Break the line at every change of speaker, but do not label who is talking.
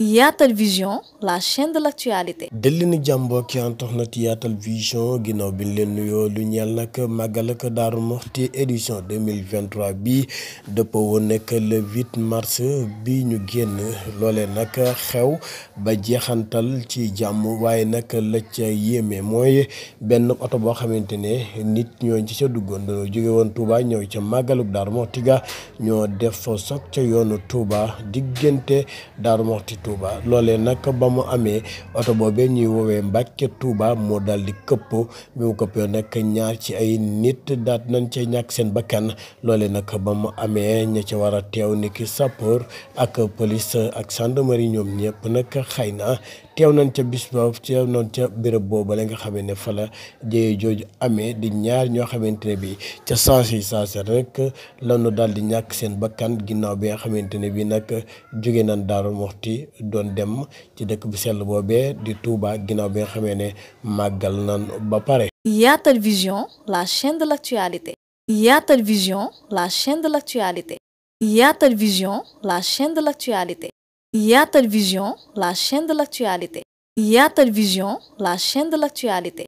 Yaatal Vision la chaîne de l'actualité.
dellu ni jàmboo ki internet Yaatal Vision bi leen nuyoo lu ñeel nag màggal ak Daaru Muxti édition 2023 bi dëppoo woon nekk le 8 mars bi ñu génn loolee nag xew ba jeexantal ci jàmm waaye nag la ca yéeme mooy benn oto boo xamante ne nit ñoo ci ca duggoon dañoo jóge woon Touba ñëw ca màggaluk Daaru Muxti ga ñoo def soog ca yoonu Touba diggante Daaru Muxti Touba loolee nag ba mu amee oto boobee ñuy woowee Mbàkke Touba moo daldi di këpp bi mu këppee nag ñaar ci ay nit daat nañ ca ñàkk seen bakkan loole nag ba mu amee ña ca war a teew ni ki sapeur ak police ak gendarmerie ñoom ñëpp nag xëy na teew nañ ca bis boobu teew nañ ca béréb boobu la nga xam ne fala la jëye jooju amee di ñaar ñoo xamante ne bii ca sens yi sens rek lanu daal di ñàkk seen bakkan ginnaaw bi nga xamante ne bii nag jóge nañ Daaru Muxti doon dem ci dëkk bu sell boobee di Touba ginnaaw bi nga xamee ne màggal nañ ba pare.
yaatal Vision la chaîne de l'actualité. Yatal Vision la chaîne de l'actualité. Vision la chaîne de l'actualité. Yatal Vision la chaîne de l'actualité Yatal Vision la chaîne de l'actualité